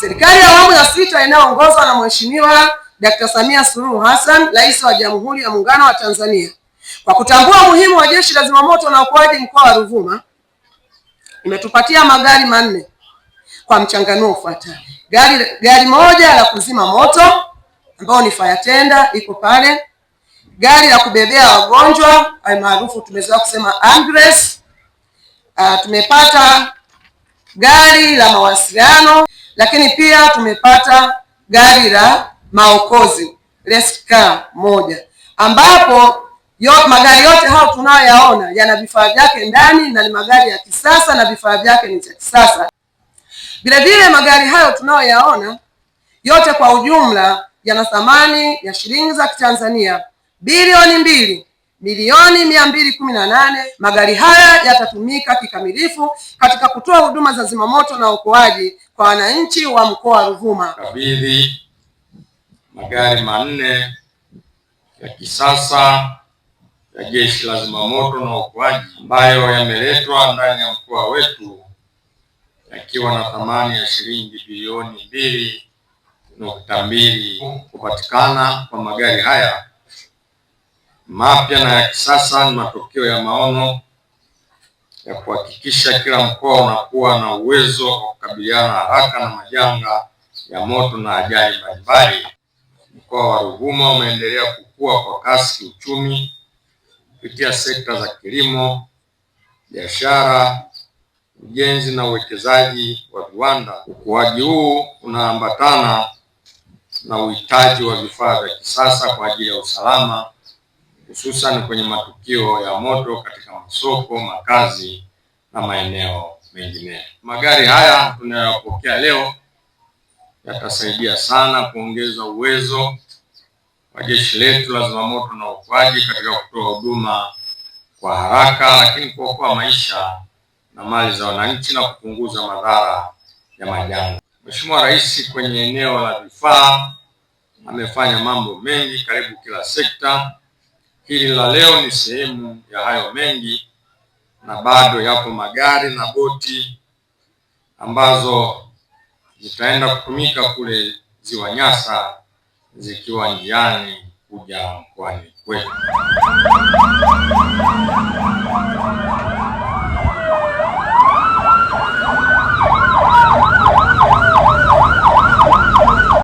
Serikali ya awamu ya sita inayoongozwa na Mheshimiwa Dr. Samia Suluhu Hassan, Rais wa Jamhuri ya Muungano wa Tanzania, kwa kutambua umuhimu wa Jeshi la Zimamoto na uokoaji mkoa wa Ruvuma, imetupatia magari manne kwa mchanganuo ufuatao. Gari, gari moja la kuzima moto ambao ni fire tender iko pale, gari la kubebea wagonjwa maarufu tumezoea kusema ambulance. Uh, tumepata gari la mawasiliano lakini pia tumepata gari la maokozi rescue moja, ambapo yote, magari yote hayo tunayoyaona yana vifaa vyake ndani na ni magari ya kisasa na vifaa vyake ni vya kisasa. vilevile vile magari hayo tunayoyaona yote kwa ujumla yana thamani ya shilingi za Kitanzania bilioni mbili milioni mia mbili kumi na nane. Magari haya yatatumika kikamilifu katika kutoa huduma za zimamoto na uokoaji kwa wananchi wa mkoa wa Ruvuma. Kabidhi magari manne ya kisasa ya jeshi la zimamoto na uokoaji ambayo yameletwa ndani ya mkoa wetu yakiwa na thamani ya shilingi bilioni mbili nukta mbili. Kupatikana kwa magari haya mapya na ya kisasa ni matokeo ya maono ya kuhakikisha kila mkoa unakuwa na uwezo wa kukabiliana haraka na majanga ya moto na ajali mbalimbali. Mkoa wa Ruvuma umeendelea kukua kwa kasi kiuchumi kupitia sekta za kilimo, biashara, ujenzi na uwekezaji wa viwanda. Ukuaji huu unaambatana na uhitaji wa vifaa vya kisasa kwa ajili ya usalama hususan kwenye matukio ya moto katika masoko, makazi na maeneo mengine. Magari haya tunayopokea leo yatasaidia sana kuongeza uwezo wa jeshi letu la zimamoto na uokoaji katika kutoa huduma kwa haraka, lakini kuokoa maisha na mali za wananchi na kupunguza madhara ya majanga. Mheshimiwa Rais kwenye eneo la vifaa amefanya mambo mengi karibu kila sekta Hili la leo ni sehemu ya hayo mengi, na bado yapo magari na boti ambazo zitaenda kutumika kule ziwa Nyasa zikiwa njiani kuja mkoani kwetu.